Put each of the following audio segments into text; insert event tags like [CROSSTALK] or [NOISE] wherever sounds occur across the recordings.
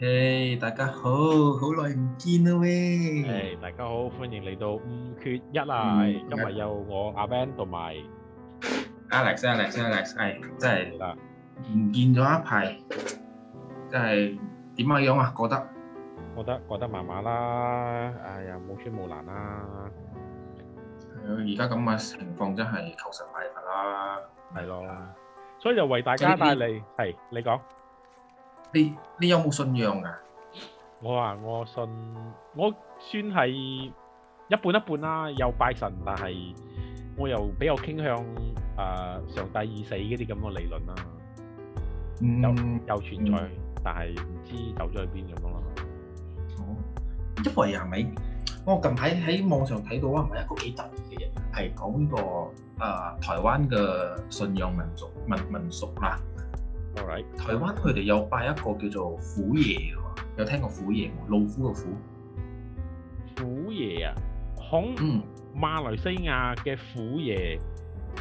誒，大家好，好耐唔見啦喂！誒，大家好，歡迎嚟到五缺一啦！今日有我阿 Ben 同埋 Alex，Alex，Alex，係即係唔見咗一排，即係點樣樣啊？覺得覺得覺得麻麻啦，哎呀，冇穿冇爛啦！而家咁嘅情況真係求神拜佛啦，係咯，所以就為大家帶嚟，係你講。你你有冇信仰噶、啊？我啊，我信，我算係一半一半啦、啊，又拜神，但係我又比較傾向啊、呃、上帝已死嗰啲咁嘅理論啦、啊，有、嗯、又，又存在，嗯、但係唔知走咗去邊咁樣咯。哦、嗯，因為啊咪，我近排喺網上睇到啊，唔係一個幾得意嘅嘢，係講、那個誒、呃、台灣嘅信仰民族民民俗啦。台灣佢哋有拜一個叫做虎爺嘅，有聽過虎爺？老虎嘅虎，虎爺啊，孔馬來西亞嘅虎爺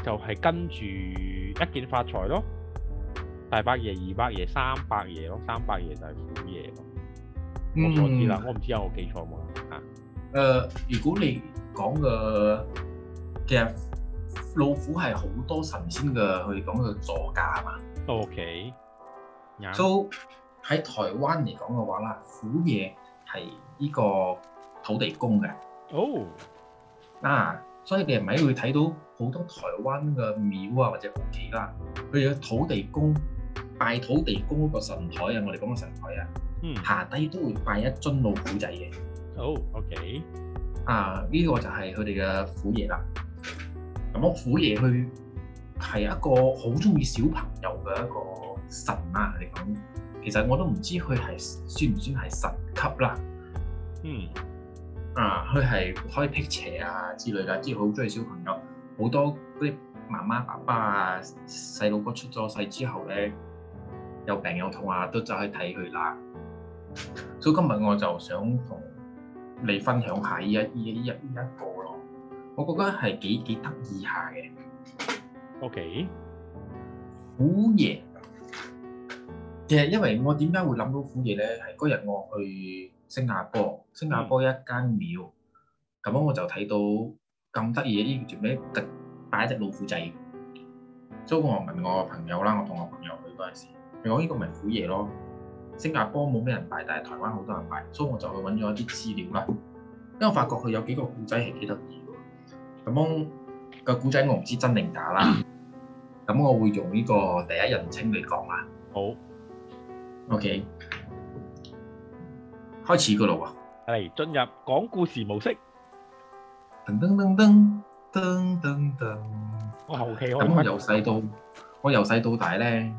就係跟住一件發財咯，大伯爺、二伯爺、三伯爺咯，三伯爺就係虎爺咯。我所知啦，嗯、我唔知有我記錯冇啊？誒、呃，如果你講嘅其實老虎係好多神仙嘅，佢講佢座駕係嘛？O K，so 喺台灣嚟講嘅話啦，虎爺係呢個土地公嘅。哦，oh. 啊，所以你咪會睇到好多台灣嘅廟啊或者屋企啦，佢哋嘅土地公拜土地公嗰個神,神台啊，我哋講嘅神台啊，下低都會拜一樽老虎仔嘅。好，O K，啊，呢、這個就係佢哋嘅虎爺啦。咁我虎爺去。係一個好中意小朋友嘅一個神啊！你講其實我都唔知佢係算唔算係神級啦。嗯啊，佢係開辟邪啊之類嘅，之後好中意小朋友。好多啲媽媽爸爸啊，細路哥出咗世之後咧，有病有痛啊，都走去睇佢啦。所以今日我就想同你分享下依一依一一、呢個咯，我覺得係幾幾得意下嘅。O Okay K，虎爺其實因為我點解會諗到虎爺咧，係嗰日我去新加坡，新加坡一間廟，咁、嗯、樣我就睇到咁得意嘅，呢叫咩，特擺隻老虎仔。所以我就問我朋友啦，我同我朋友去嗰陣時，佢講呢個咪虎爺咯。新加坡冇咩人擺，但係台灣好多人擺，所以我就去揾咗一啲資料啦。因為我發覺佢有幾個故仔係幾得意嘅，咁個古仔我唔知真定假啦，咁我會用呢個第一人稱嚟講啦。好，OK，開始個咯喎，係進入講故事模式。噔噔，噔噔噔噔噔噔。噔、哦，okay, 我後期我由細到我由細到大咧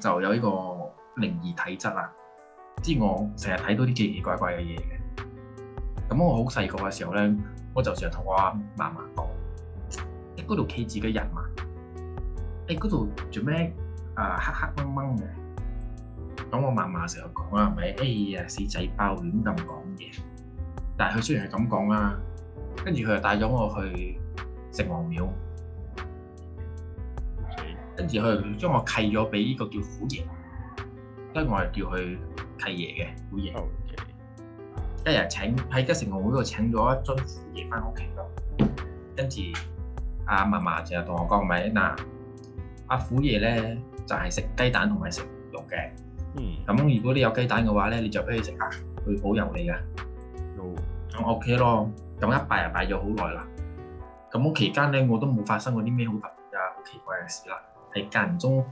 就有呢個靈異體質啊，知我成日睇到啲奇奇怪怪嘅嘢嘅。咁我好細個嘅時候咧，我就成日同我阿嫲嫲講。喺嗰度企住嘅人嘛，喺嗰度做咩啊、呃？黑黑掹掹嘅，咁我嫲嫲成日講啦，咪哎呀死仔包亂咁講嘢。但係佢雖然係咁講啦，跟住佢又帶咗我去城隍廟，跟住佢將我契咗俾呢個叫虎爺，跟住我係叫佢契爺嘅虎爺，Okay. 一日請喺吉城隍廟嗰度請咗一樽虎爺返屋企咯，跟住。阿嫲嫲成日同我講，咪嗱阿虎爺咧就係、是、食雞蛋同埋食肉嘅。咁、嗯、如果你有雞蛋嘅話咧，你就俾佢食下，佢保佑你㗎。咁、嗯、OK 咯。咁一拜又拜咗好耐啦。咁期間咧我都冇發生過啲咩好特別啊，好奇怪嘅事啦。喺間唔中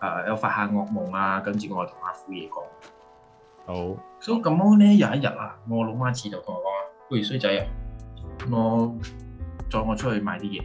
誒有發下惡夢啊，跟住我同阿虎爺講好。所以咁樣咧有一日啊，我老媽子就同我講：不如衰仔啊，我載我出去買啲嘢。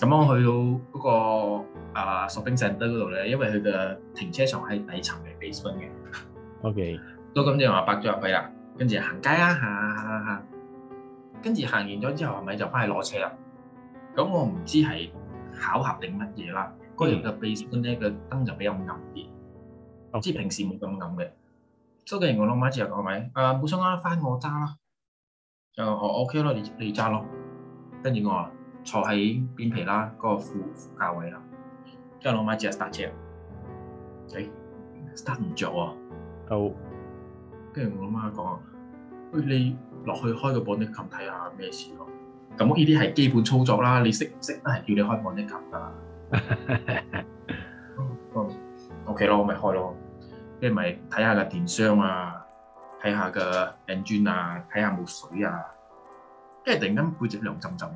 咁我去到嗰個 Shopping Center 嗰度咧，因為佢嘅停車場喺底層嘅 Basement 嘅。Bas O.K. 都咁樣你話白咗入去啦，跟住行街啦、啊，行、啊、行行行跟住行完咗之後係咪就翻去攞車啦？咁我唔知係巧合定乜嘢啦。嗰日嘅、嗯、Basement 咧嘅燈就比較暗啲，唔 Okay. 知平時冇咁暗嘅。收嘅我攞埋之油講咪，誒冇錯啦，翻我揸啦，就我 O.K. 咯，你你揸咯，跟住我。坐喺邊皮啦，嗰個副副駕位啦，跟住我媽即刻打車，誒，打唔著喎，跟住我媽講：喂，你落去開個玻璃琴睇下咩事咯。咁呢啲係基本操作啦，你識唔識都係叫你開玻璃琴㗎。O K 咯，我咪開咯，跟住咪睇下個電箱啊，睇下個 engine 啊，睇下冇水啊，跟住突然間背脊涼浸浸。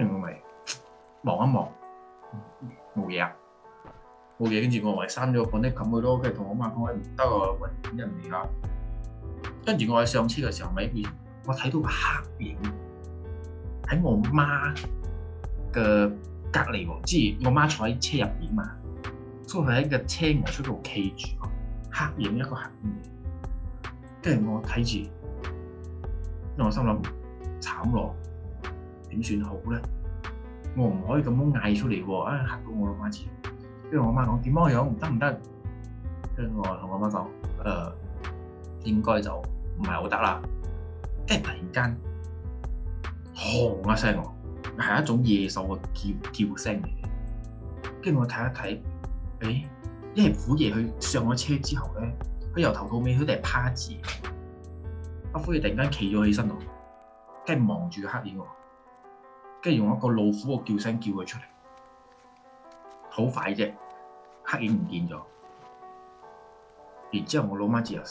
我咪望一望，冇嘢，冇嘢。跟住我咪刪咗個盤，啲冚佢咯。跟住同我媽講：唔得啊，揾人嚟啦。跟住我喺上車嘅時候，咪我睇到一個黑影喺我媽嘅隔離喎，之前我媽坐喺車入面嘛，所以佢喺個車門出度企住個黑影，一個黑影，跟住我睇住，我心諗慘咯～點算好咧？我唔可以咁樣嗌出嚟喎，啊嚇到我老媽子。跟住我媽講點樣樣得唔得？跟住我同我媽講，誒、呃、應該就唔係好得啦。跟住突然間，轟一聲，係一種野獸嘅叫叫聲嚟。跟住我睇、哎、一睇，誒，因為虎爺佢上咗車之後咧，佢由頭到尾佢都係趴住。阿、啊、虎爺突然間企咗起身喎，跟住望住個黑影。跟住用一個老虎嘅叫聲叫佢出嚟，好快啫！黑影唔見咗，然之後我老媽子又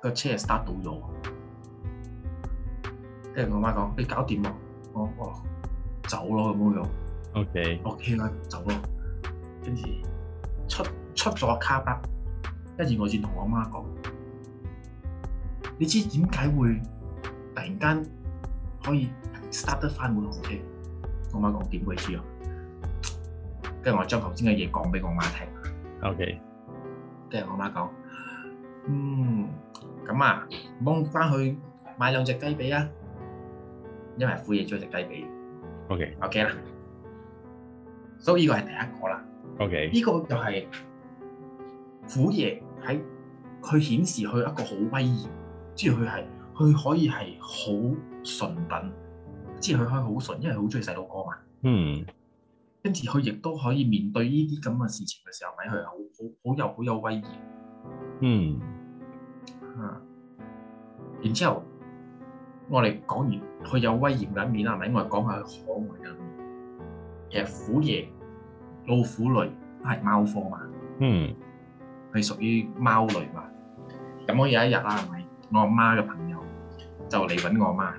個車 start 到咗，跟住我媽講：你搞掂咯，我我走咯，咁樣。OK，OK 啦，走咯。Okay. okay、走咯 back, 跟住出出咗卡北，跟住我先同我媽講：你知點解會突然間？可以 start 得翻本落去，我媽講點回事啊？跟住我將頭先嘅嘢講俾我媽聽。O K，跟住我媽講，嗯，咁啊，幫我翻去買兩隻雞髀啊，因為虎爺中意食雞髀。O K，OK 啦，所以呢個係第一個啦。O K，呢個就係虎爺喺佢顯示佢一個好威嚴，即係佢係。佢可以係好純品，即係佢可以好純，因為佢好中意細路哥嘛。嗯，跟住佢亦都可以面對呢啲咁嘅事情嘅時候，咪佢好好好有好有威嚴。嗯，嚇。然之後，我哋講完佢有威嚴嘅一面啊，咪我哋講下佢可愛嘅一面。其實虎爺、老虎類都係貓科嘛。嗯，係屬於貓類嘛。咁我有一日啦，係咪我阿媽嘅朋友？就嚟揾我嘛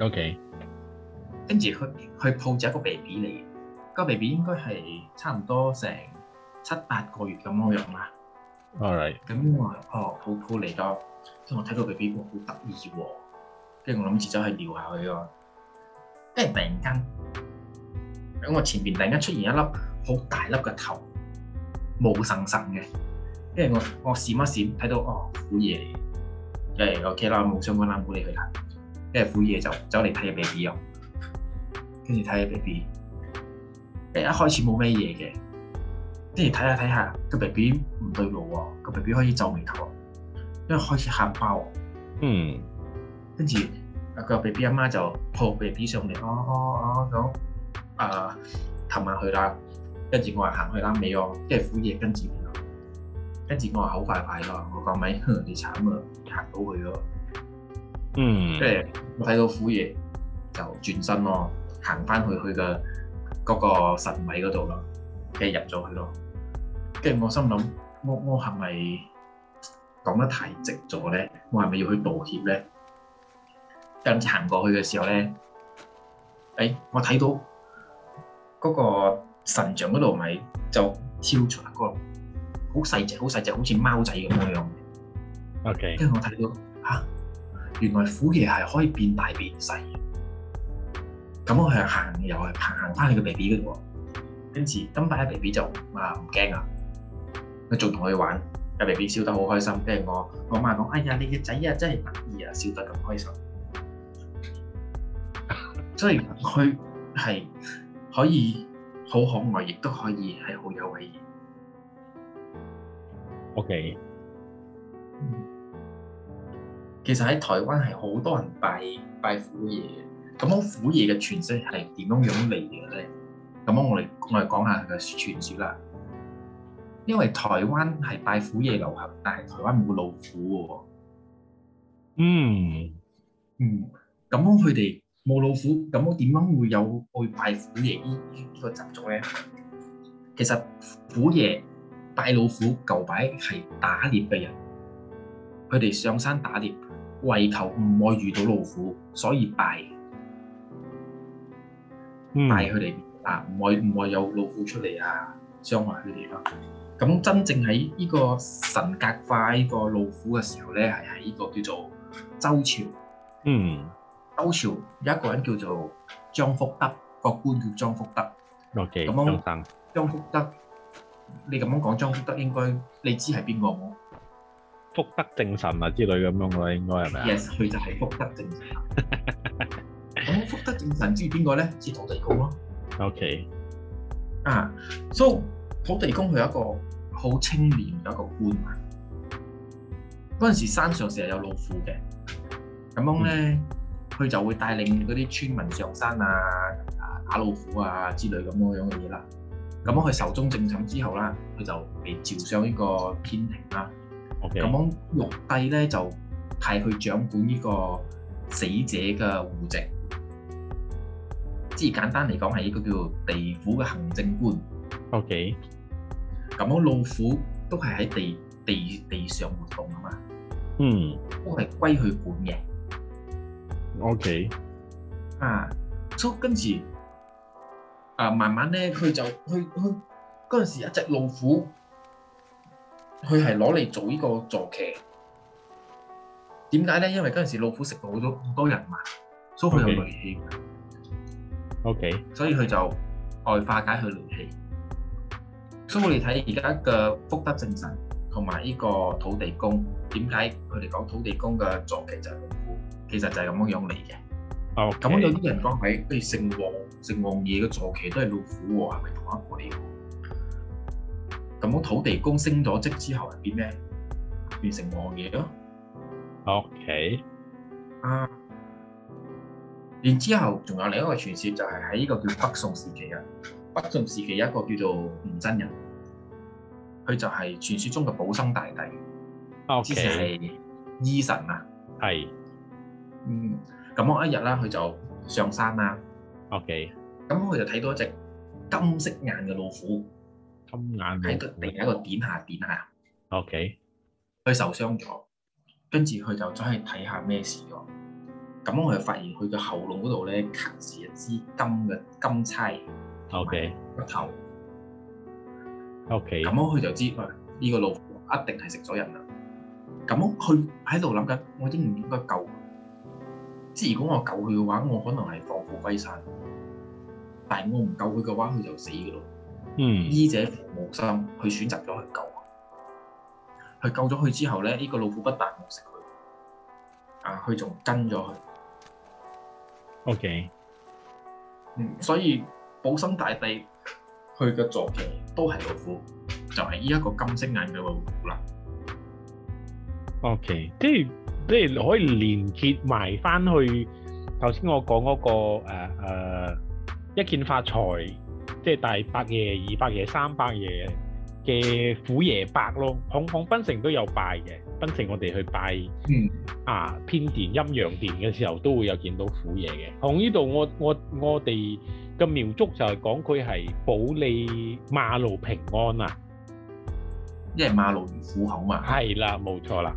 ，OK，跟住佢佢抱住一個 BB 嚟，個 BB 應該係差唔多成七八個月咁嘅樣啦。All right，咁我哦抱抱嚟咗，跟住我睇到 BB 喎，好得意喎，跟住我諗住走去撩下佢喎，跟住突然間喺我前面突然間出現一粒好大粒嘅頭，毛神神嘅，跟住我我閃一閃睇到哦，虎爺嚟！誒，OK 啦，冇相關啦，唔好理佢啦。跟住虎爺就走嚟睇下 baby 哦，跟住睇下 baby，一開始冇咩嘢嘅，跟住睇下睇下個 baby 唔對路喎，個 baby 開始皺眉頭，跟住開始喊爆，嗯，跟住啊，個 baby 阿媽就抱 baby 上嚟，哦哦哦，咁啊，氹下佢啦，跟住我話行去拉尾哦，跟住虎爺跟住。跟住我話好快快咯，我個米好慘喎，行到去咯。嗯，即係我睇到虎爺就轉身咯，行翻去佢嘅嗰個神位嗰度咯，跟住入咗去咯。跟住我心諗，我我係咪講得太直咗咧？我係咪要去道歉咧？跟住行過去嘅時候咧，誒、欸，我睇到嗰個神像嗰度咪就跳出一、那個。好細隻，好細隻，好似貓仔咁嘅樣，嘅樣。OK，我睇到，啊，原來虎爺係可以變大變細。咁我係行又係行行翻去個 BB 嗰度，跟住跟翻個 BB 就啊唔驚啊，佢仲同我玩，個 BB 笑得好開心。跟住我我阿媽講：哎呀，你嘅仔啊真係得意啊，笑得咁開心。所以佢係可以好可愛，亦都可以係好有威儀。OK，其實喺台灣係好多人拜拜虎爺嘅，咁樣虎爺嘅傳說係點樣樣嚟嘅咧？咁樣我哋我嚟講下佢嘅傳說啦。因為台灣係拜虎爺流行，但係台灣冇老虎嘅、哦。嗯、mm. 嗯，咁佢哋冇老虎，咁我點樣會有去拜虎爺呢個習俗咧？其實虎爺。大老虎舊擺係打獵嘅人，佢哋上山打獵，為求唔會遇到老虎，所以拜拜佢哋、嗯、啊，唔會唔會有老虎出嚟啊，傷害佢哋咯。咁真正喺呢個神格化呢個老虎嘅時候咧，係喺呢個叫做周朝。嗯，周朝有一個人叫做張福德，個官叫張福德。OK，張福德。你咁樣講，張福德應該你知係邊個？福德正神啊之類咁樣嘅，應該係咪 Yes, 佢、yes, 就係福德正神。咁 [LAUGHS] 福德正神知邊個咧？知土地公咯。Okay 啊，So 土地公佢一個好清廉嘅一個官。嗰陣時山上成日有老虎嘅，咁樣咧，佢、嗯、就會帶領嗰啲村民上山啊，啊打老虎啊之類咁樣樣嘅嘢啦。咁樣佢壽終正寢之後啦，佢就被召上 Okay. 呢個天庭啦。咁樣玉帝咧就替佢掌管呢個死者嘅戶籍，即係簡單嚟講係一個叫做地府嘅行政官。OK。咁樣老虎都係喺地地地上活動啊嘛。嗯、hmm.。都係歸佢管嘅。OK。啊，所、so, 以跟住。啊，慢慢咧，佢就佢佢嗰陣時一隻老虎，佢係攞嚟做呢個坐騎。點解咧？因為嗰陣時老虎食到好多好多人物，所以佢有戾氣。O.K.，所以佢就愛化解佢戾氣。所以我哋睇而家嘅福德正神同埋呢個土地公，點解佢哋講土地公嘅坐騎就係老虎？其實就係咁樣嚟嘅。哦，咁有啲人講喺，譬、哎、如姓王、姓王爺嘅坐騎都係老虎喎、哦，係咪同一個嚟？咁樣土地公升咗職之後係啲咩？變成王爺咯。O K。啱。然之後仲有另一個傳說，就係喺呢個叫北宋時期啊。北宋時期有一個叫做吳真人，佢就係傳說中嘅保生大帝。Okay. 之前係醫神啊。係。Hey. 嗯。咁我一日啦，佢就上山啦。OK。咁佢就睇到一隻金色眼嘅老虎，金眼喺度突然一個一下點下。OK。佢受傷咗，跟住佢就走去睇下咩事咯。咁我就發現佢嘅喉嚨嗰度咧卡住一支金嘅金釵。OK。個頭。OK。咁我佢就知，呢、哎呢個老虎一定係食咗人啦。咁佢喺度諗緊，我應唔應該救？即係如果我救佢嘅話，我可能係放虎歸山；但係我唔救佢嘅話，佢就死嘅咯。嗯，醫者父母心，佢選擇咗去救我。佢救咗佢之後咧，呢、這個老虎不但冇食佢，啊，佢仲跟咗佢。OK，嗯，所以保生大帝，佢嘅坐騎都係老虎，就係呢一個金色眼嘅老虎啦。OK，即係即係可以連結埋翻去頭先我講嗰、那個誒、呃呃、一見發財，即係大伯爺、二伯爺、三伯爺嘅虎爺拜咯。紅紅檳城都有拜嘅，檳城我哋去拜。嗯。啊，偏殿、陰陽殿嘅時候都會有見到虎爺嘅。從呢度我我我哋嘅苗族就係講佢係保你馬路平安啊，因為馬路如虎口嘛。係啦，冇錯啦。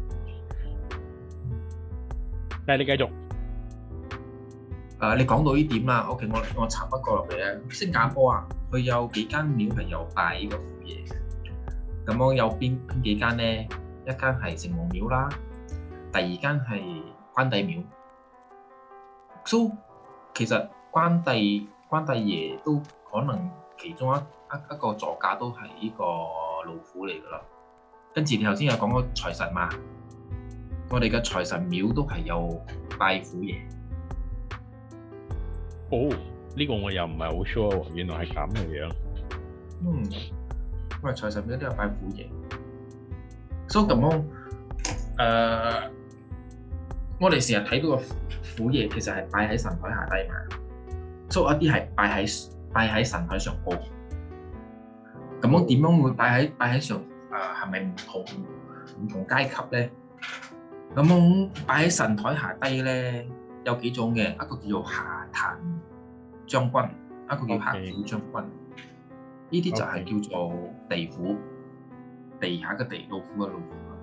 你繼續。誒，你講到呢點啦，OK，我我插一個落嚟咧。新加坡啊，佢有幾間廟係有拜呢個虎爺嘅。咁我有邊邊幾間咧？一間係城隍廟啦，第二間係關帝廟。都、so，其實關帝關帝爺都可能其中一一一個座駕都係呢個老虎嚟噶咯。跟住你頭先又講咗財神嘛？我哋嘅財神廟都係有拜虎爺。哦，呢個我又唔係好 sure 喎，原來係咁嘅樣。嗯，咁啊，財神廟都有拜虎爺。So 咁樣，誒，我哋成日睇到個虎爺，其實係拜喺神台下低嘛。So 一啲係拜喺拜喺神台上高。咁樣點樣會拜喺拜喺上？誒係咪唔同唔同階級咧？咁我擺喺神台下低咧，有幾種嘅，一個叫做下壇將軍，一個叫黑虎將軍，依啲就係叫做地虎，地下嘅地老虎嘅老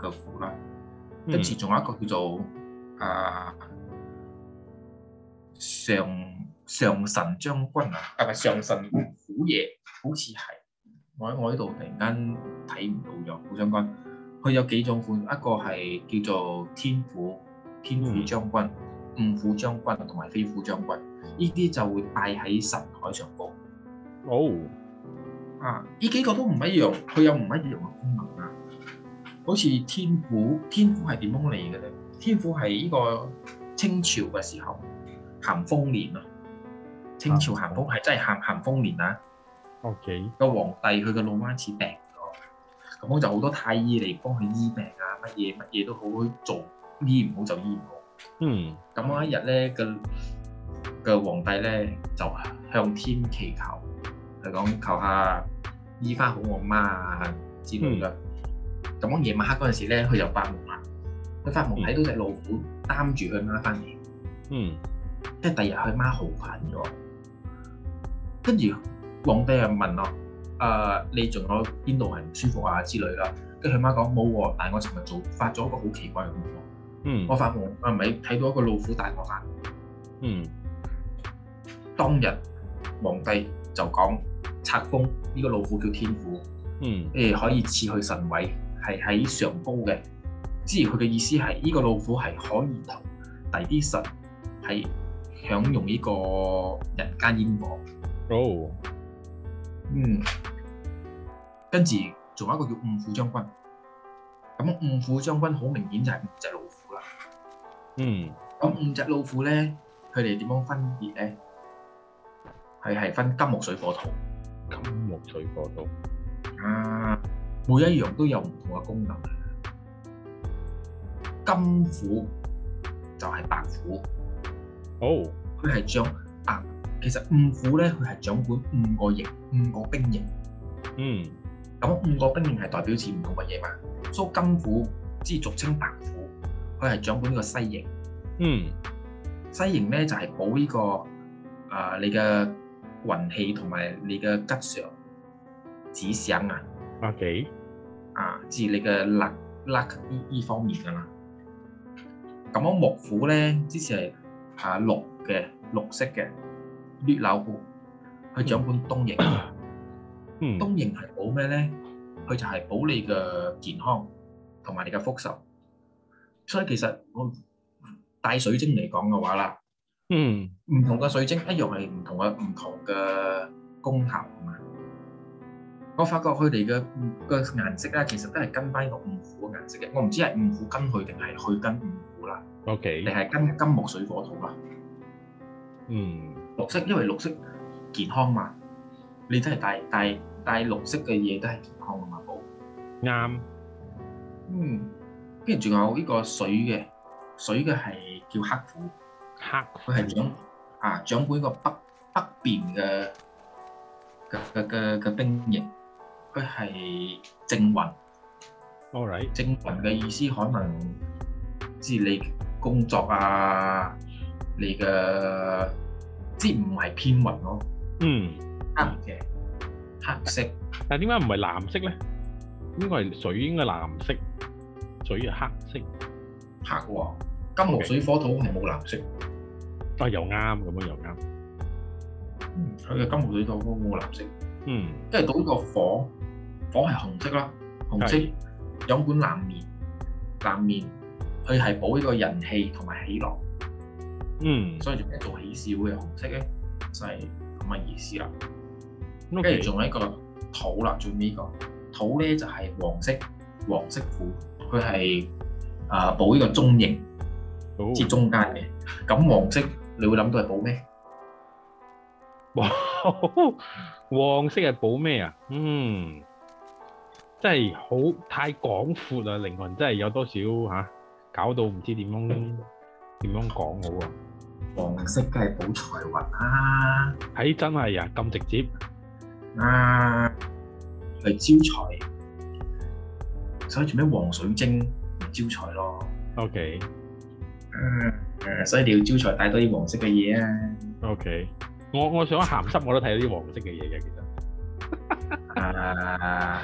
嘅虎啦。跟住仲有一個叫做啊上上神將軍啊，啊唔係上神虎爺，好似係。我喺我呢度突然間睇唔到咗，虎將軍。佢有幾種款，一個係叫做天虎、天虎將軍、嗯、五虎將軍同埋飛虎將軍，呢啲就會帶喺神台上高。好、哦、啊，呢幾個都唔一樣，佢有唔一樣嘅功能啊。好似天虎，天虎係點樣嚟嘅咧？天虎係呢個清朝嘅時候，咸豐年啊。清朝咸豐係真係咸咸豐年啊。OK，個皇帝佢個老媽子病。咁就好多太醫嚟幫佢醫病啊，乜嘢乜嘢都好去做，醫唔好就醫唔好。嗯，咁嗰一日咧，個個皇帝咧就向天祈求，就講求下醫翻好我媽啊之類嘅。咁夜、嗯、晚黑嗰陣時咧，佢就發夢啦。佢發夢睇到隻老虎擔住佢媽翻嚟。嗯，即係、嗯、第二日佢媽，媽好翻咗。跟住皇帝就問我。誒，uh, 你仲有邊度係唔舒服啊之類啦？跟佢媽講冇喎，但係我尋日做發咗一個好奇怪嘅夢。嗯，我發夢係咪睇到一個老虎大王山。嗯，當日皇帝就講冊封呢個老虎叫天虎。嗯，誒、哎、可以賜去神位，係喺上高嘅。之前佢嘅意思係，呢、這個老虎係可以同第啲神係享用呢個人間煙火。哦。Oh. 嗯，跟住仲有一個叫五虎將軍，咁五虎將軍好明顯就係五、嗯、五隻老虎啦。嗯，咁五隻老虎咧，佢哋點樣分別咧？係係分金木水火土。金木水火土啊，每一樣都有唔同嘅功能。金虎就係白虎，哦，佢係將白。啊其實五虎咧，佢係掌管五個營、五個兵營。嗯。咁五個兵營係代表住唔同嘅嘢嘛，所以金虎，即係俗稱白虎，佢係掌管呢個西營。嗯。西營咧就係保呢個啊你嘅運氣同埋你嘅吉祥、吉祥啊。O K。啊，至你嘅 luck luck 呢呢方面㗎。咁啊木虎咧之前係啊綠嘅綠色嘅。跌樓股，去掌管東營。嗯，東營係保咩咧？佢就係保你嘅健康同埋你嘅福壽。所以其實我戴水晶嚟講嘅話啦，嗯，唔同嘅水晶一樣係唔同嘅唔同嘅功效啊嘛。我發覺佢哋嘅嘅顏色咧，其實都係跟翻一個五虎嘅顏色嘅。我唔知係五虎跟佢定係去跟五虎啦。O K。定係跟金木水火土啦。嗯。綠色，因為綠色健康嘛，你都係帶帶帶綠色嘅嘢都係健康噶嘛，好啱。嗯，跟住仲有呢個水嘅，水嘅係叫黑虎，黑，佢係掌啊掌管個北北邊嘅嘅嘅嘅兵營，佢係正運。All right，正運嘅意思可能即係你工作啊，你嘅。即唔係偏雲咯、啊，嗯，黑嘅黑，的、嗯、黑色。但點解唔係藍色咧？應該係水應該係藍色，水係黑色，黑喎、啊。金木水火土係冇藍色。啊，又啱咁啊，又啱。嗯，佢嘅金木水土都冇藍色。嗯，因為到呢個火，火係紅色啦，紅色有是本藍面，藍面佢係補呢個人氣同埋喜樂。嗯，所以就做喜事會係紅色嘅，就係咁嘅意思啦。跟住仲有一個土啦，最尾個土咧就係黃色，黃色虎佢係啊補呢個中型中間，接中間嘅。咁黃色你會諗到係補咩？哇！黃色係補咩啊？嗯，真係好太廣闊啊！靈魂真係有多少吓、啊，搞到唔知點樣點樣講好啊！黃色梗係補財運啦，係真係啊，咁直接，啊，係招財，所以做咩黃水晶招財咯？OK，誒，所以你要招財帶多啲黃色嘅嘢啊！OK，我我想鹹濕我都睇到啲黃色嘅嘢嘅，其實，啊，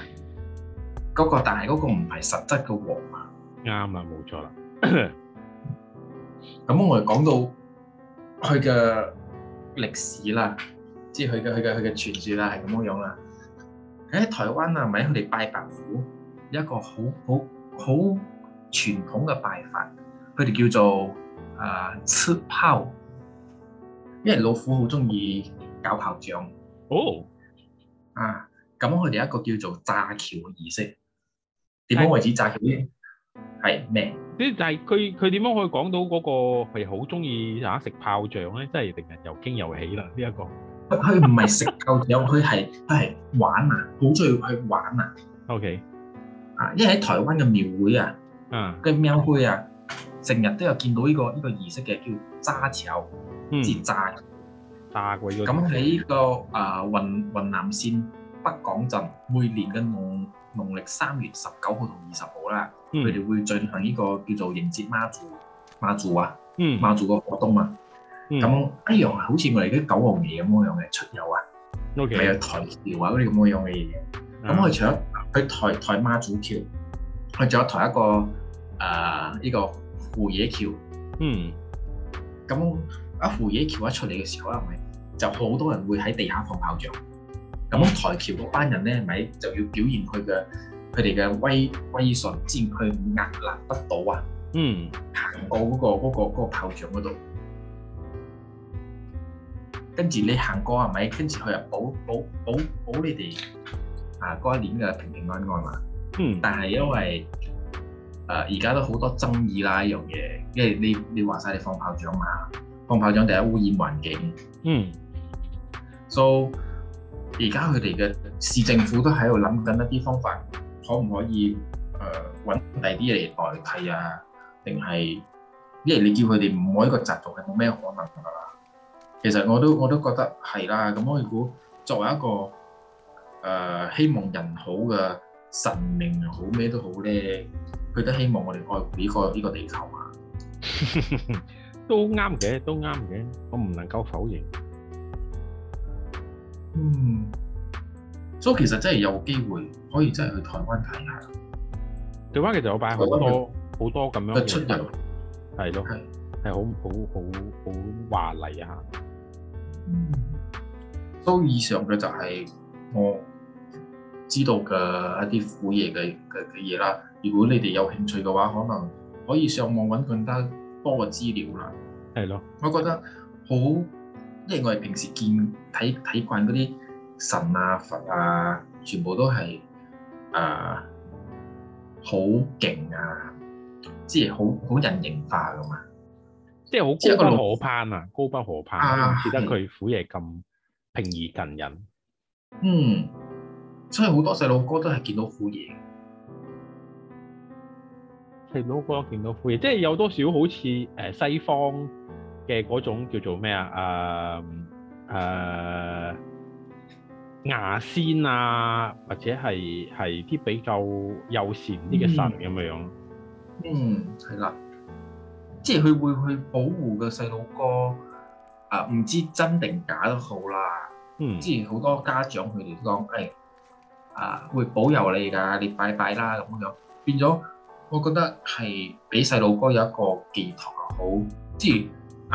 嗰個但係嗰個唔係實質嘅黃啊，啱啊，冇錯啦，咁我哋講到。佢嘅歷史啦，即係佢嘅佢嘅佢嘅傳説啦，係咁樣啦。喺台灣啊，咪佢哋拜白虎，有一個好好好傳統嘅拜法，佢哋叫做啊，吃炮，因為老虎好鍾意搞炮仗。哦，oh. 啊，咁佢哋一個叫做炸橋嘅儀式，點樣為止炸橋呢？係咩、oh.？呢但係佢佢點樣可以講到嗰、那個係好中意啊食炮仗咧，真係令人又驚又、這個、他不是吃喜啦！呢一個佢唔係食夠有，佢係佢係玩啊，好中意去玩啊。OK，啊，因為喺台灣嘅廟會啊，嘅廟會啊，成日都有見到呢、這個呢、這個儀式嘅叫渣潮，節扎、嗯。扎過咁喺呢個啊雲、這個呃、林縣北港鎮每年嘅農農曆三月十九號同二十號啦，佢哋、嗯、會進行呢個叫做迎接媽祖媽祖啊，嗯、媽祖個活動啊。咁一樣好似我哋啲九王爺咁樣嘅出遊啊，咪 Okay. 有抬轎啊嗰啲咁嘅樣嘅嘢。咁佢、嗯、除咗去抬抬媽祖轎，佢仲有抬一個誒呢、呃這個虎爺轎。嗯。咁一虎爺轎一出嚟嘅時候係咪就好多人會喺地下放炮仗？咁台橋嗰班人咧，咪、mm. 就要表現佢嘅佢哋嘅威威信，之前佢壓蠟不到啊！嗯，mm. 行過嗰、嗰個嗰、嗰個嗰個、炮仗嗰度，跟住你行過係咪？跟住佢又保保保保你哋啊嗰一年嘅平平安安啦。嗯，mm. 但係因為誒而家都好多爭議啦，依樣嘢，因為你你，你話晒你放炮仗嘛，放炮仗第一污染環境。嗯、mm.，so 而家佢哋嘅市政府都喺度諗緊一啲方法，可唔可以誒揾第二啲嚟代替啊？定係因為你叫佢哋唔愛呢個習俗係冇咩可能㗎喇。其實我都我都覺得係啦。咁我如果作為一個誒、呃、希望人好嘅神明又好咩都好咧，佢都希望我哋愛護呢、呢個呢、呢個地球嘛、啊。 [LAUGHS] 都啱嘅，都啱嘅，我唔能夠否認。嗯，所以其實真係有機會可以真係去台灣睇下。台灣其實有擺好多好多咁樣嘅出遊，係咯，係係好好好好華麗呀。嗯，都以，以上嘅就係我知道嘅一啲古嘢嘅嘅嘅嘢啦。如果你哋有興趣嘅話，可能可以上網揾更加多嘅資料啦。係咯的，我覺得好。因為我哋平時見睇睇慣嗰啲神啊佛啊，全部都係誒好勁啊，即係好好人形化噶嘛，即係好高不可攀啊，高不可攀、啊，至、啊、得佢虎爺咁平易近人。嗯，所以好多細路哥都係見到虎爺，細路哥見到虎爺，即係有多少好似誒西方，嘅嗰種叫做咩啊？誒、啊、誒、啊，牙仙啊，或者係係啲比較友善啲嘅神咁樣，嗯。嗯，係啦，即係佢會去保護個細路哥啊，唔知真定假都好啦。嗯，之前好多家長佢哋都講誒啊，會保佑你㗎，你拜拜啦咁樣變咗。我覺得係俾細路哥有一個寄託好，即係。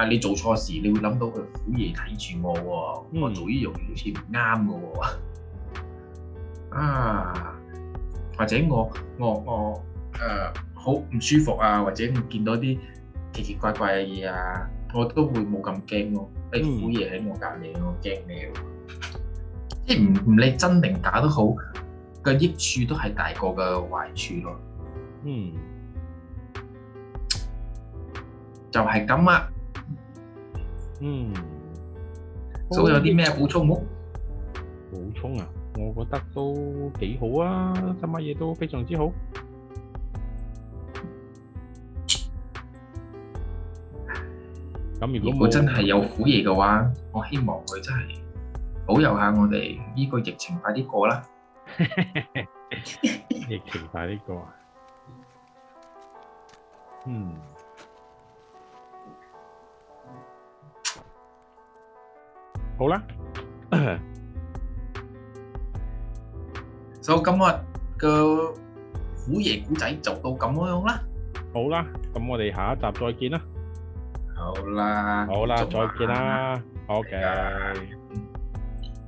你做錯事，你會諗到佢虎爺睇住我喎，嗯、我做呢樣嘢好似唔啱嘅喎。啊，或者我我我誒、呃、好唔舒服啊，或者我見到啲奇奇怪怪嘅嘢啊，我都會冇咁驚咯。你、嗯、虎爺喺我隔離，我驚咩、啊？即係唔唔理真定假都好，個益處都係大過嘅壞處咯。嗯，就是這樣，就係咁啊！嗯，都有啲咩補充冇？補充啊，我覺得都幾好啊，啲乜嘢都非常之好。咁如果我真係有虎爺嘅話，我希望佢真係保佑下我哋呢個疫情快啲過啦！疫情快啲過啊！嗯。好啦，所以咁啊個虎爺古仔就到咁樣啦。好啦，咁我哋下一集再見啦。好啦，好啦，再見啦。OK。